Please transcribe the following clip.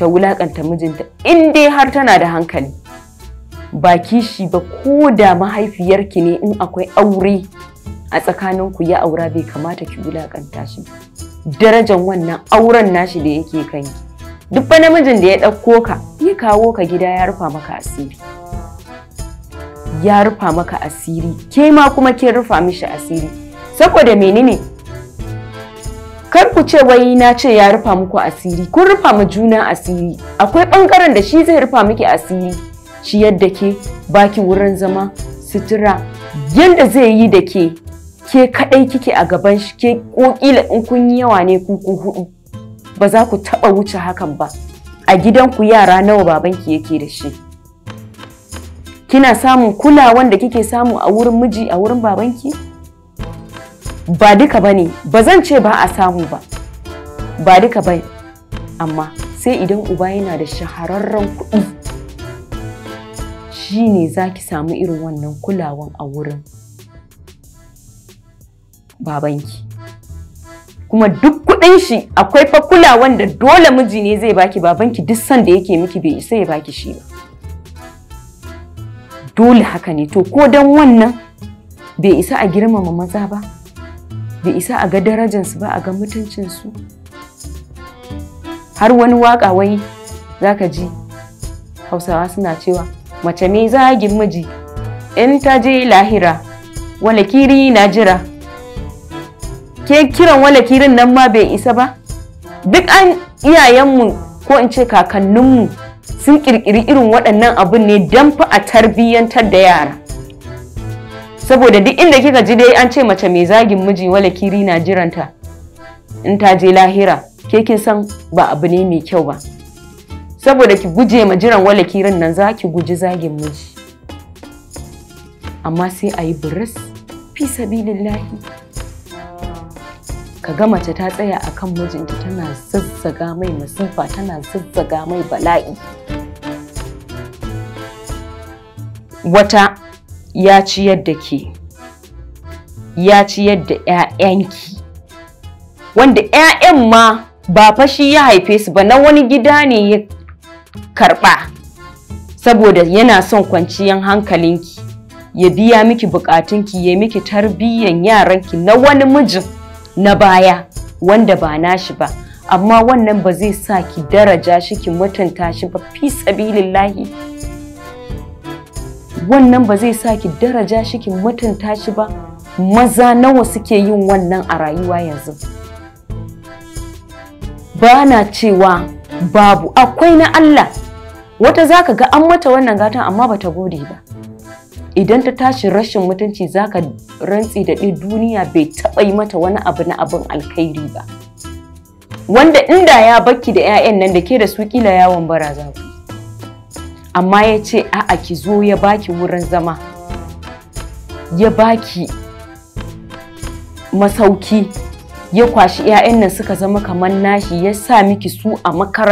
ta wulakanta mijinta in dai har tana da hankali ba kishi ba ko da mahaifiyarki ne in akwai aure a tsakaninku ya aura bai kamata ki wulakanta shi Darajan wannan auren nashi da yake kai. duk ba namijin da ya ɗauko ka ya kawo ka gida ya rufa maka asiri ya rufa maka asiri ke ma kuma ke rufa mishi asiri saboda menene kar ku ce wai na ce ya rufa muku asiri kun rufa mu juna asiri akwai bangaren da shi zai rufa miki asiri shi yadda ke baki wurin zama sutura yadda zai yi da ke ke kadai kike a gaban shi ke kokila in kun yi yawa ne ku ku hudu ba za ku taba wuce hakan ba a gidan ku yara nawa babanki yake da shi kina samun kulawan da kike samu a wurin miji a wurin babanki ba duka ba ba zan ce ba a samu ba ba duka ba amma sai idan uba yana da shahararren kuɗi shi ne za ki samu irin wannan kulawan a wurin babanki kuma duk kuɗin shi akwai fa kulawan da dole miji ne zai baki babanki duk sanda yake miki bai isa ya baki shi ba dole haka ne to ko dan wannan bai isa a girmama maza ba bai isa a ga darajansu ba a ga mutuncinsu har wani waka wai za ka ji hausawa suna cewa mace mai zagin miji in ta je lahira walakiri na jira ke kiran walakirin nan ma bai isa ba duk an iyayenmu ko in ce kakanninmu sun kirkiri irin waɗannan abun ne don fa a tarbiyyantar da yara saboda duk inda kika ji dai an ce mace mai zagin miji wala kiri na jiranta in ta je lahira ke kin san ba abu ne mai kyau ba saboda ki guje ma jiran wala kirin nan za ki guji zagin miji amma sai a yi buris fi sabilillahi ka ga mace ta tsaya a kan mijinta tana zazzaga mai masifa tana zazzaga mai bala'i wata ya ciyar da ke ya ciyar da 'ya'yanki wanda 'ya'yan ma ba fashi ya haife su ba na wani gida ne ya karɓa saboda yana son kwanciyan hankalinki ya biya miki bukatunki ya miki tarbiyyan yaranki na wani mijin na baya wanda ba nashi ba amma wannan ba zai sa ki daraja shi ki mutunta shi ba fi sabilillahi wannan ba zai sa ki daraja shi ki mutunta shi ba maza nawa suke yin wannan a rayuwa yanzu ba na cewa babu akwai na Allah wata zaka ga an mata wannan gatan amma bata gode ba idan ta tashi rashin mutunci zaka rantsi da duniya bai taɓa yi mata wani abu na abin alkhairi ba wanda inda ya baki da 'ya'yan nan da ke da su kila yawon baraza ku amma ya ce a'a ki zo ya baki wurin zama ya baki masauki ya kwashi 'ya'yan nan suka zama kamar nashi ya sa miki su a makara